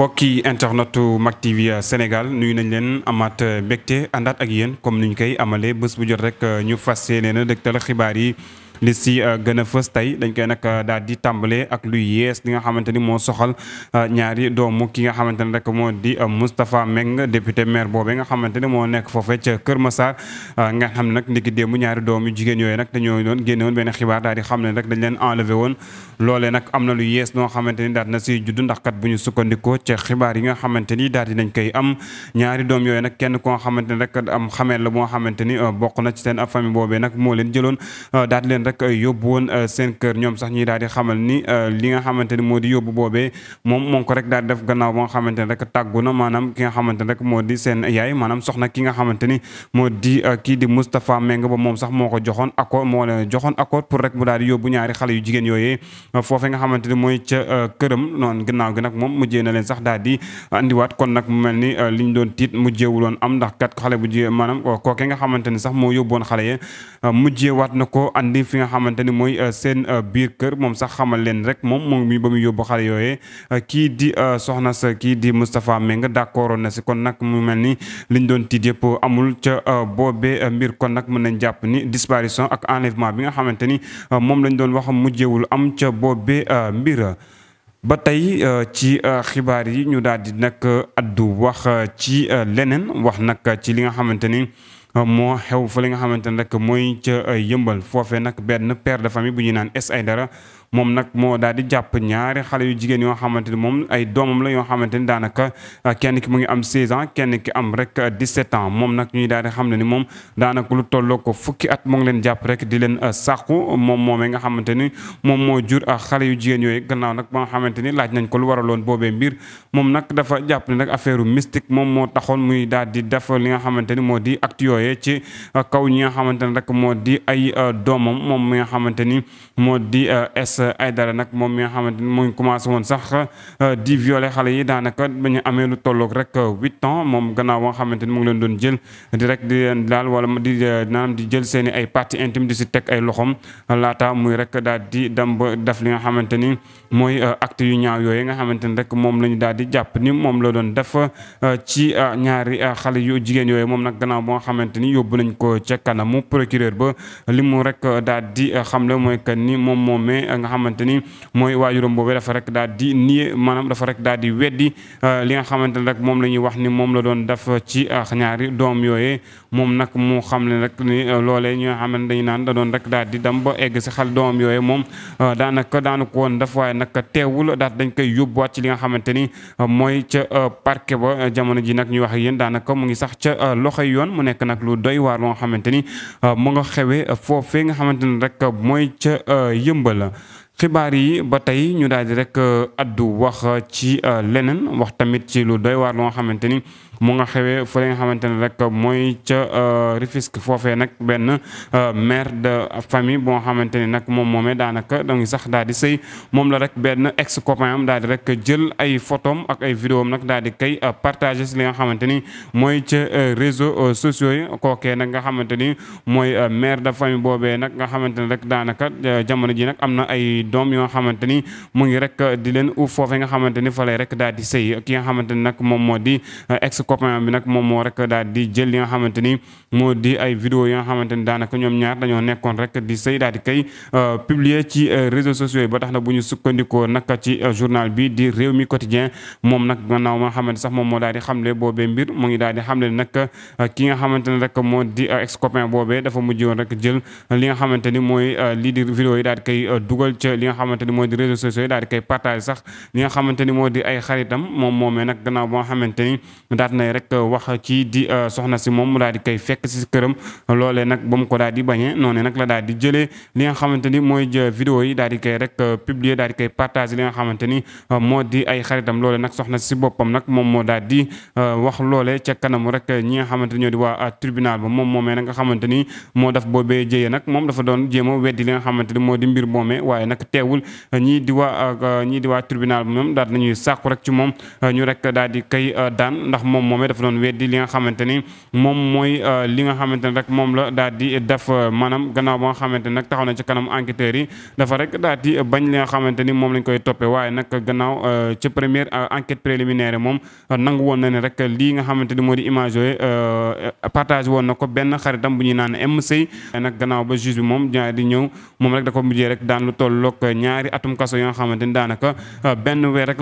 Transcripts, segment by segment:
mbokki internetu Mak TV euh, Sénégal nuyu nañ leen amaat euh, mbégte àndaat ak yéen comme ni ñu koy amalee bés bu jot rek euh, ñu fas yéene na dégtal xibaar yi. li si euh, gën a fës tey dañ koy nag euh, daal di tàmbale ak luy yees li nga xamante ni moo soxal euh, ñaari doomu ki nga xamante ne rek moo di Moustapha Meng député maire boobee nga xamante ni moo nekk foofee ca Kër Massar nga xam ne nag ndiki démb ñaari doomu jigéen yooyu nag dañoo doon génne woon benn xibaar daal di xam ne rek dañ leen woon loolee nag am na lu yees noo xamante ni daal na siy judd ndax kat bu ñu sukkandikoo ca xibaar yi nga xamante ni daal di nañ koy am ñaari doom yooyu nag kenn koo xamante ni rek am xameel la moo xamante ni bokk na ci seen famille boobee nag moo leen jëloon daal leen rek euh, yóbbu woon euh, seen kër ñoom sax ñuy daal di xamal ni euh, li nga xamante ni moo di yóbbu boobee moom moo ko rek daal di def gannaaw ba nga xamante ni rek tàggu na maanaam ki nga xamante rek moo di seen yaay maanaam soxna ki nga xamante ni moo di kii di Moustapha Meng ba moom sax moo ko joxoon accord moo leen joxoon accord pour rek mu daal di yóbbu ñaari yu jigéen yooyee foofe nga xamante ni mooy ca këram noon gannaaw gi nag moom mujjee na leen sax daal di andiwaat kon nag mu mel ni li ñu doon tiit mujjeewuloon am ndax kat xale bu jigéen maanaam kooke nga xamante ni sax moo yóbboon xale ye mujjeewaat na ko andi fi nga xamante ni mooy euh, seen euh, biir kër moom sax xamal leen rek moom moom mi ba muy yóbbu xale yooyee euh, kii di soxna sa kii di Moustapha Mbengue d'accord na si kon nag mu mel ni liñ doon tiit yëpp amul ca boobee mbir kon nag mën nañ jàpp ni disparition ak enlèvement bi nga xamante ni moom lañ doon wax mujjewul am ca boobee mbir. ba tey ci xibaar yi ñu daal di nag addu wax ci leneen wax nag ci li nga xamante moo xew fa li nga xamante ne rek mooy ca euh, yëmbal foofee nag benn père de famille bu ñu naan es ay dara moom nag moo daal di jàpp ñaari xale yu jigéen yoo xamante ni moom ay doomam la yoo xamante ni daanaka euh, kenn ki mu ngi am 16 kenn ki am rek 17 euh, ans moom nag ñuy daal di xam ne ni moom daanaka lu tolloo ko fukki at mu leen jàpp rek di leen euh, sàqu moom moomee nga xamante ni moom moo jur xale yu jigéen yooyu gannaaw nag ba nga xamante ni laaj nañ ko lu waraloon boobee mbir moom nag dafa jàpp ne rek affaire mystique moom moo taxoon muy daal di def li nga xamante ni moo di acte yooyee ci kaw ñi nga xamante ni rek moo di ay doomam moom mi nga xamante ni moo di Aidara nag a mi nga xamante ni mu ngi commencé woon sax euh, di violer xale yi daanaka ba ñu amee lu tolloog rek euh, huit ans moom gannaaw ba nga xamante i euh, ay parties ba def li nga xamante ni mooy acte yu ñaaw yooyu nga xamante ni rek moom la ñu daal di jàpp ni moom la doon def ci ñaari xale yu jigéen yooyu moom nag gannaaw ba nga xamante ni yóbbu nañ ko ca kanamu procureur ba li mu rek daal di xamle mooy que ni moom moomee xamante ni mooy waajuram boobu dafa rek daal di nii maanaam dafa rek daal di weddi euh, li nga xamante ne rek moom la ñuy wax ni moom la doon def ci euh, ñaari doom yooyee moom nag mu xam ne rek ni euh, loolee ñi nga xam ne dañu naan da doon rek daal di dem ba egg si xel doom yooyee moom daanaka daanu woon def waaye nag teewul daal dañ koy yóbbuwaat ci li nga xamante ni mooy ca parquet ba jamono ji nag ñuy wax ak yéen daanaka mu ngi sax ca loxo yoon mu nekk nag lu doy waar loo xamante ni mu nga xewee foofee nga xamante ni rek mooy ca yëmba la xibaar yi ba tey ñu daal di rek euh, addu wax ci euh, leneen wax tamit ci lu doy waar loo xamante ni. mu nga xewee fa nga xamante ne rek mooy ca euh, Rufisque foofee nag benn euh, maire de famille boo xamante ni nag moom moomee daanaka da sax daal di sëy moom la rek benn ex copain daal di rek jël ay photom ak ay vidéo am nag daal di koy euh, partagé si nga xamante ni mooy ca réseaux sociaux yi kookee nag nga xamante ni mooy mère de famille boobee nag nga xamante ne rek daanaka jamono ji nag am na ay doom yoo xamante ni mu ngi rek di leen uuf foofee nga xamante ni fa rek daal di sëy ki nga xamante ni nag moom moo di ex copain bi nag moom moo rek daal di jël li nga xamante ni moo di ay vidéo daanaka ñoom ñaar dañoo nekkoon rek di sëy daal di kay euh, publier ci euh, réseaux sociaux ba tax na bu ñu sukkandikoo nag ci euh, bi di réew mi quotidien moom nag gannaaw ma nga xamante sax moo daal di xamle boobee mbir mu ngi daal di xamle nag ki nga xamante ne rek moo di ex boobee dafa mujjoon rek jël li nga xamante ni mooy lii di vidéo yi daal koy dugal li nga xamante ni moo di réseaux sociaux yi daal di koy sax nga xamante ni moo di ay xaritam moom moomee nag gannaaw ba nga xamante ni nay rek wax ci di euh, soxna si moom mu daal di koy fekk si këram loolee nag ba mu ko daal di bañee noonu nag euh, euh, moo moom moo daal di wax loole ca kanamu rek nga xamante ni ñoo di waa tribunal ba moom moomee nag nga ni moo daf boobee jëyee nag moom dafa doon jéem a weddi li nga xamante ni moo di mbir moomee waaye nag teewul ñii di waa ñii di waa tribunal ba moom daal nañuy sàkku rek ci moom ñu rek daal di koy daan ndax moom moomee dafa doon weddi li nga xamante ni moom mooy euh, li nga xamante ne rek moom la daal di def euh, maanaam gannaaw ba nga xamante ni nag taxaw na ci kanam enquêteurs yi dafa rek daal di bañ li ni moom lañ koy toppee waaye nag gannaaw euh, ci première enquête préliminaire moom nangu woon na ne rek lii nga xamante ni moo di image yooyu partage woon na ko benn xaritam bu ñuy naan MC nag gannaaw ba juge bi moom ñaari di ñëw moom rek da ko mujjee rek daan lu look ñaari atum kaso yi nga xamante ni daanaka benn weer rek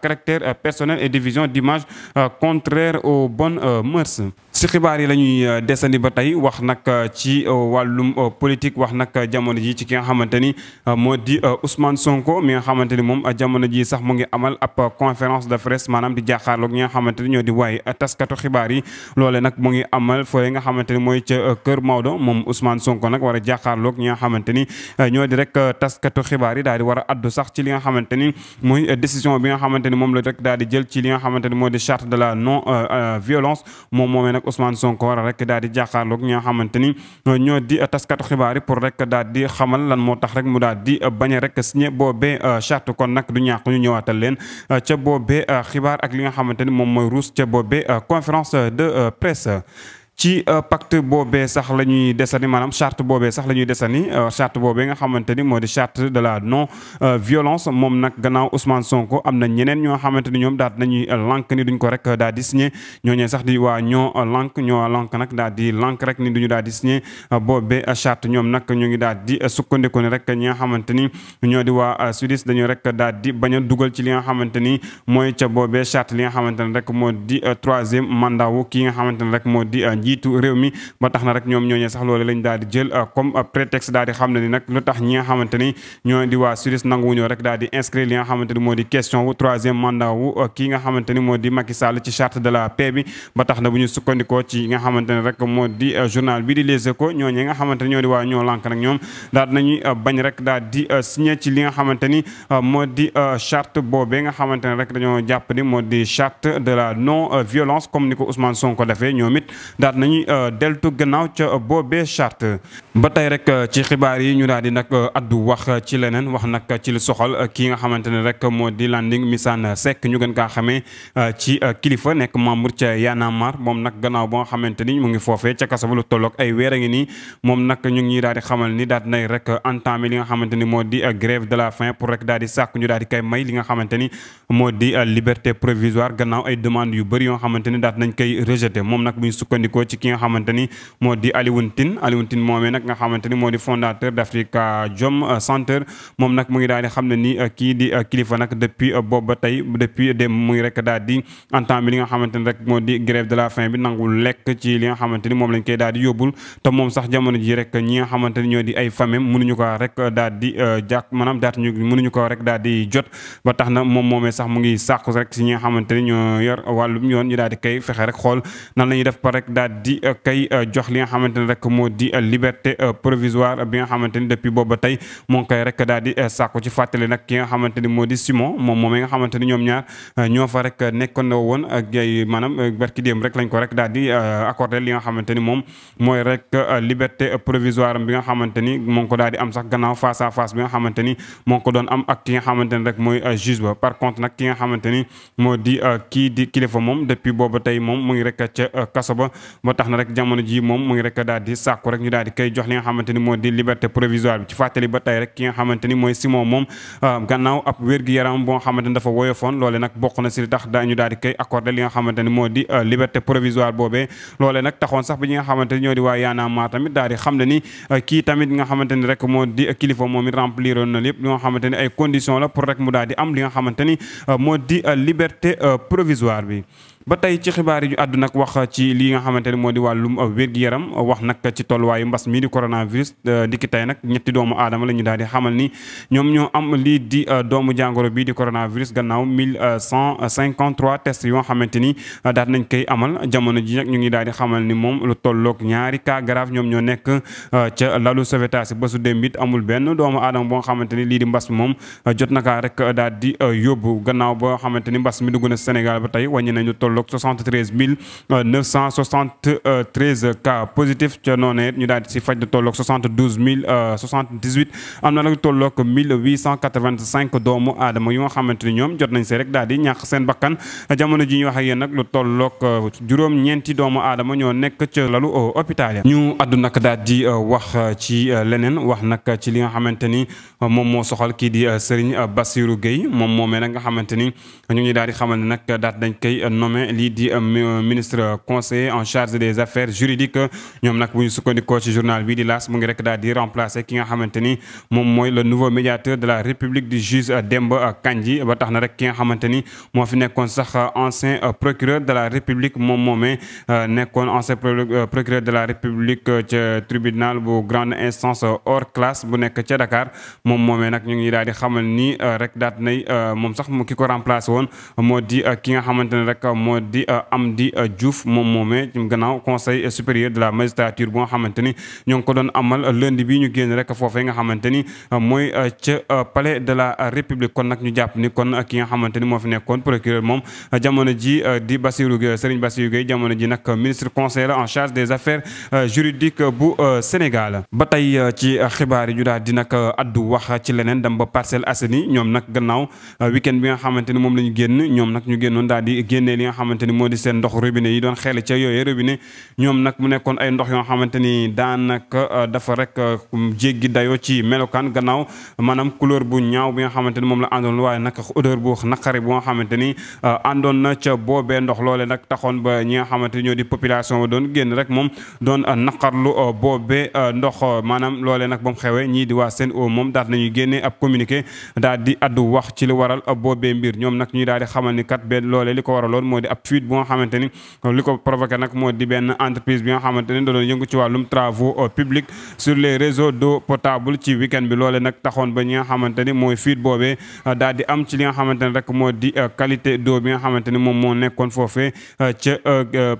caractère euh, personnel et division d'image euh, contraire aux bonnes euh, mœurs. si xibaar yi la ñuy desandi ba tey wax nag ci wàllum politique wax nag jamono ji ci ki nga xamante ni moo di Ousmane Sonko mi nga xamante ni moom jamono ji sax mu ngi amal ab conférence de presse maanaam di jàkkaarloog ñi nga xamante ni ñoo di waaye taskatu xibaar yi loole nag mu ngi amal fooy nga xamante ni mooy ca Kër Maodo moom Ousmane Sonko nag war a ñi nga xamante ni ñoo di rek taskatu xibaar yi daal di addu sax ci li nga xamante mooy décision bi nga xamante xamante ni moom la rek daal di jël ci li nga xamante ni moo di charte de la non euh, euh, violence moom moomee nag Ousmane Sonko war a rek daal di jàkkaarloog ñi nga xamante ni ñoo di taskatu xibaar yi pour rek daal di xamal lan moo tax rek mu daal di bañ a rek signé boobee euh, charte kon nag du ñàkk ñu ñëwaatal leen ca boobee xibaar ak li nga xamante ni moom mooy ruus ca boobee conférence de presse ci euh, pacte boobee sax la ñuy desani maanaam charte boobee sax la ñuy ni euh, charte boobee nga xamante ni moo di charte de la non euh, violence moom nag gannaaw Ousmane Sonko am na ñeneen ñoo xamante ni ñoom daal nañuy lànk ni duñ ko rek daal di signé ñooñee sax di waa ñoo lànk ñoo lànk nag daal di lànk rek ni duñu daal di signé boobee chart ñoom nag ñu ngi daal di sukkandiku ni rek ñi nga xamante ni ñoo di waa sudis dañu rek daal di bañ a dugal ci li nga xamante ni mooy ca boobee charte li nga xamante ni rek moo di troisième mandat wu ki nga xamante ni rek moo di njiitu réew mi ba tax na rek ñoom ñooñee sax loolu lañ daal di jël euh, comme euh, prétexte daal di xam ne ni nag lu tax ñi nga xamante ni ñoo di waa sudis nanguwuñoo rek daal di inscrire li nga xamante ni moo di euh, ni moo di Macky Sall ci charte journal bi Les Échos ñooñee nga xamante ni waa ñoo lànk ñoom daal nañuy bañ rek daal di signé ci li nga xamante ni moo di charte nga xamante rek dañoo jàpp ni moo di charte de la non violence comme ni ko defee ñoom it nañuy euh, deltu gannaaw ca euh, boobee charte ba tey rek euh, ci xibaar yi ñu daal di nag addu wax ci leneen wax nag ci lu soxal ki nga xamante ne rek moo di Landing Missane Seck ñu gën kaa xamee ci kilifa nekk membre ca Y'en a moom nag gannaaw ba nga xamante ni mu ngi foofee ca kaso ba lu tolloog ay weer a ngi nii moom nag ñu ngi daal di xamal ni daal di nay rek entamé li nga xamante ni moo di grève de la fin pour rek daal di sàkk ñu daal di kay may li nga xamante ni moo di liberté provisoire gannaaw ay demande yu bëri yoo xamante ni daal nañ koy rejeté ci ki nga xamante ni moo di Alioune Tine Alioune Tine moomee nga xamante ni moo di fondateur d'Afrikajom Center moom nag mu ngi daal di xam ne ni euh, kii di euh, kilifa nag depuis euh, boobu ba tey depuis démb mu ngi rek daal di en bi li nga xamante ni rek moo di grève de la faim bi nangul lekk ci li nga xamante ni moom lañ koy daal di yóbbul te moom sax jamono ji rek ñi nga xamante ni ñoo di ay famem mënuñu ko rek daal di jàkk maanaam daat ñu mënuñu ko rek daal di jot ba tax na moom moomee sax mu ngi sàkku rek si ñi nga xamante ni ñoo yor wàllum yoon ñu daal di fexe rek xool nan lañuy def par rek daal di euh, kay euh, jox li nga xamante ne rek moo di euh, liberté provisoire bi nga xamante ni depuis booba tey mu ngi rek daal di sàkku ci nag ki nga xamante ni moo di Simon moom moom nga xamante ni ñoom ñaar ñoo fa rek nekkoon woon ak ay maanaam barki démb rek lañ ko rek daal di accordé li nga xamante ni moom mooy rek liberté provisoire bi nga xamante ni moo ngi ko daal di am sax gannaaw face à face bi nga xamante ni moo ngi ko doon am ak ki nga xamante ni rek mooy juge ba par contre nag ki nga xamante ni moo di kii di kilifa moom depuis booba tey moom mu ngi rek ca kaso ba moo tax na rek jamono ji moom mu ngi rek daal di sàkku rek ñu daal di koy jox li nga xamante ni moo di liberté provisoire bi ci fàttali ba tey rek ki nga xamante ni mooy Simon moom euh, gannaaw ab wér-gi-yaram boo xamante ni dafa woyofoon loole nag bokk na si li tax dañu daal di koy accordé li nga xamante ni moo di euh, liberté provisoire boobee loole taxoon sax ñi nga xamante ni ñoo di waa yaanaamaa tamit daal di ne ni euh, kii tamit nga xamante ni rek moo di kilifa moom it remplir oon na lépp li nga xamante ni ay condition la pour rek mu daal di am li nga xamante ni moo di liberté provisoire bi ba tey ci xibaar yi ñu àddu nag wax ci lii nga xamante ne moo di wàllum wér-gu-yaram wax nag ci tolluwaayu mbas mii di coronavirus euh, dikki tey nag ñetti doomu aadama la ñu daal di xamal ni ñoom ñoo am lii di euh, doomu jàngoro bii di coronavirus gannaaw 1153 euh, tests yoo xamante ni daal nañ koy amal jamono ji nag ñu ngi daal di xamal ni moom lu tollook ñaari cas grave ñoom ñoo nekk ca lalu sauvetage ba su dem it amul benn doomu aadama boo xamante ni lii di mbas moom jot na daal di yóbbu gannaaw boo xamante ni mbas mi dugg na Sénégal ba tey wàññi tolloog 73 973 cas positif ca noonee ñu daal di si faj lu tolloog ni ñoom jot nañ see rek daal di ñàkk seen jamono ji ñu wax ak yéen lu tolloog euh, juróom-ñeenti doomu aadama ñoo nekk ca lalu euh, hôpital ya ñu àddu nag daal di euh, wax ci leneen wax nag ci li nga xamante ni moom moo soxal kii di Serigne Bassirou Gueye moom moomee nag nga xamante ni ñu daal di xamal nag daal dañ koy nommé Darmanin lii di euh, euh, ministre euh, conseiller en charge des affaires juridiques ñoom nag bu ñu sukkandikoo ci journal bi di laas mu ngi rek daal di ki nga xamante moom mooy le nouveau médiateur de la république du juge Demba Kandji ba tax na rek ki nga xamante ni moo fi nekkoon sax ancien procureur de la république moom moomee nekkoon ancien procureur de la république ca tribunal bu grande instance hors classe bu nekk ca Dakar moom moomee nag ñu daal di xamal ni rek daat nay moom sax ki ko remplacer woon moo di ki nga xamante ne moo di euh, Amdi euh, Diouf moom moomee gannaaw conseil supérieur de la magistrature bu nga xamante ni ko doon amal lundi bi ñu génn rek foofee nga xamante ni euh, mooy ca palais de république kon nag ñu jàpp ni kon ki nga xamante ni moo fi nekkoon procureur moom jamono ji di Bassirou Gueye Serigne Bassirou Gueye jamono ji nag ministre conseiller en charge des affaires juridiques bu di nag addu wax ba Parcelles Assainies ñoom nag gannaaw week-end bi nga xamante ni moom la ñu génn ñoom nag ñu génnoon daal di génnee li xamante ni moo di seen ndox robinet yi doon xeele ca yooyee robinet ñoom nag mu nekkoon ay ndox yoo xamante ni daanaka euh, dafa rek euh, jéggi dayoo ci melokaan gannaaw maanaam couleur bu ñaaw bi nga xamante ni moom la àndoon waaye nag odeur bu naqari bu nga xamante ni euh, àndoon na ca boobee ndox loole nag taxoon ba ñi nga xamante ni ñoo di population doon génn rek moom doon naqarlu boobee ndox maanaam loolee nag ba mu xewee ñii di waa seen o moom daal nañuy génnee ab communiqué daal di addu wax ci ab fuite bu nga xamante ni li ko provoqué moo di benn entreprise bi nga xamante ni da doon yëngu ci wàllum travaux euh, publics sur les réseaux d'eau potable ci week-end bi loole nag taxoon ba ñi nga xamante ni mooy fuite boobee euh, daal am ci li nga xamante ni rek moo di euh, qualité d'eau bi nga xamante ni moom moo nekkoon foofee ca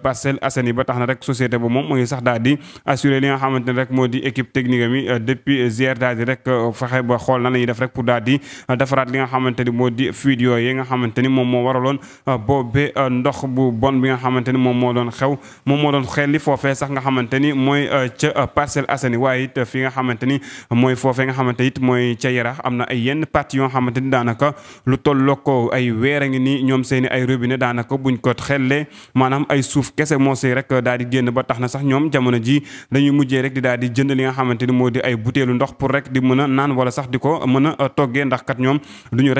Parcelles Assainies ba tax na rek société ba moom mu sax daal di assurer li nga xamante ni rek moo di équipe technique mi depuis hier daal rek fexe ba xool na la ñuy def rek pour daal di defaraat li nga xamante ni moo di fuite yooyu nga xamante ni moom moo waraloon boobee ndox bu bon bi nga xamante ni moom moo doon xew moom moo doon xel li foofee sax nga xamante ni mooy euh, ca euh, Parcelles Assainies waaye it fi nga xamante ni mooy foofee nga xamante it mooy ca Yarax am na ay yenn parti yoo nga xamante ni daanaka lu tolloo ko ay weer a ngi nii ñoom seen ay robine daanaka buñ ko xellee maanaam ay suuf kese moo rek daal di génn ba tax na sax ñoom jamono ji dañuy mujjee rek di daal di jënd li nga xamante ni moo di ay butéelu ndox pour rek di mën naan wala sax di ko mën a euh, toggee ndax ñoom duñu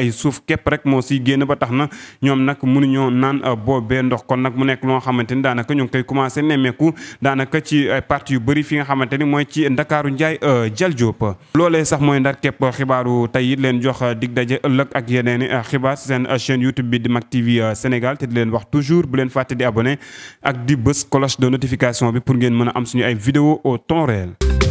ay suuf képp rek moo siy génn ba tax na ñoom nag mënuñoo naan euh, boobe ndox kon nag mu nekk loo xamante ni daanaka ñoo ngi koy commencé nemmeeku daanaka ci euh, parti yu bëri fi nga xamante ni mooy ci Ndakaaru Njaay euh, Jal Diop loolee sax mooy ndar képp xibaaru tey leen jox dig daje ëllëg ak yeneeni xibaar seen chaîne YouTube bi di Mak TV Sénégal te di leen wax toujours bu leen fàtte di abonné ak di bës cloche de notification bi pour ngeen mën a am suñu ay vidéo au temps réel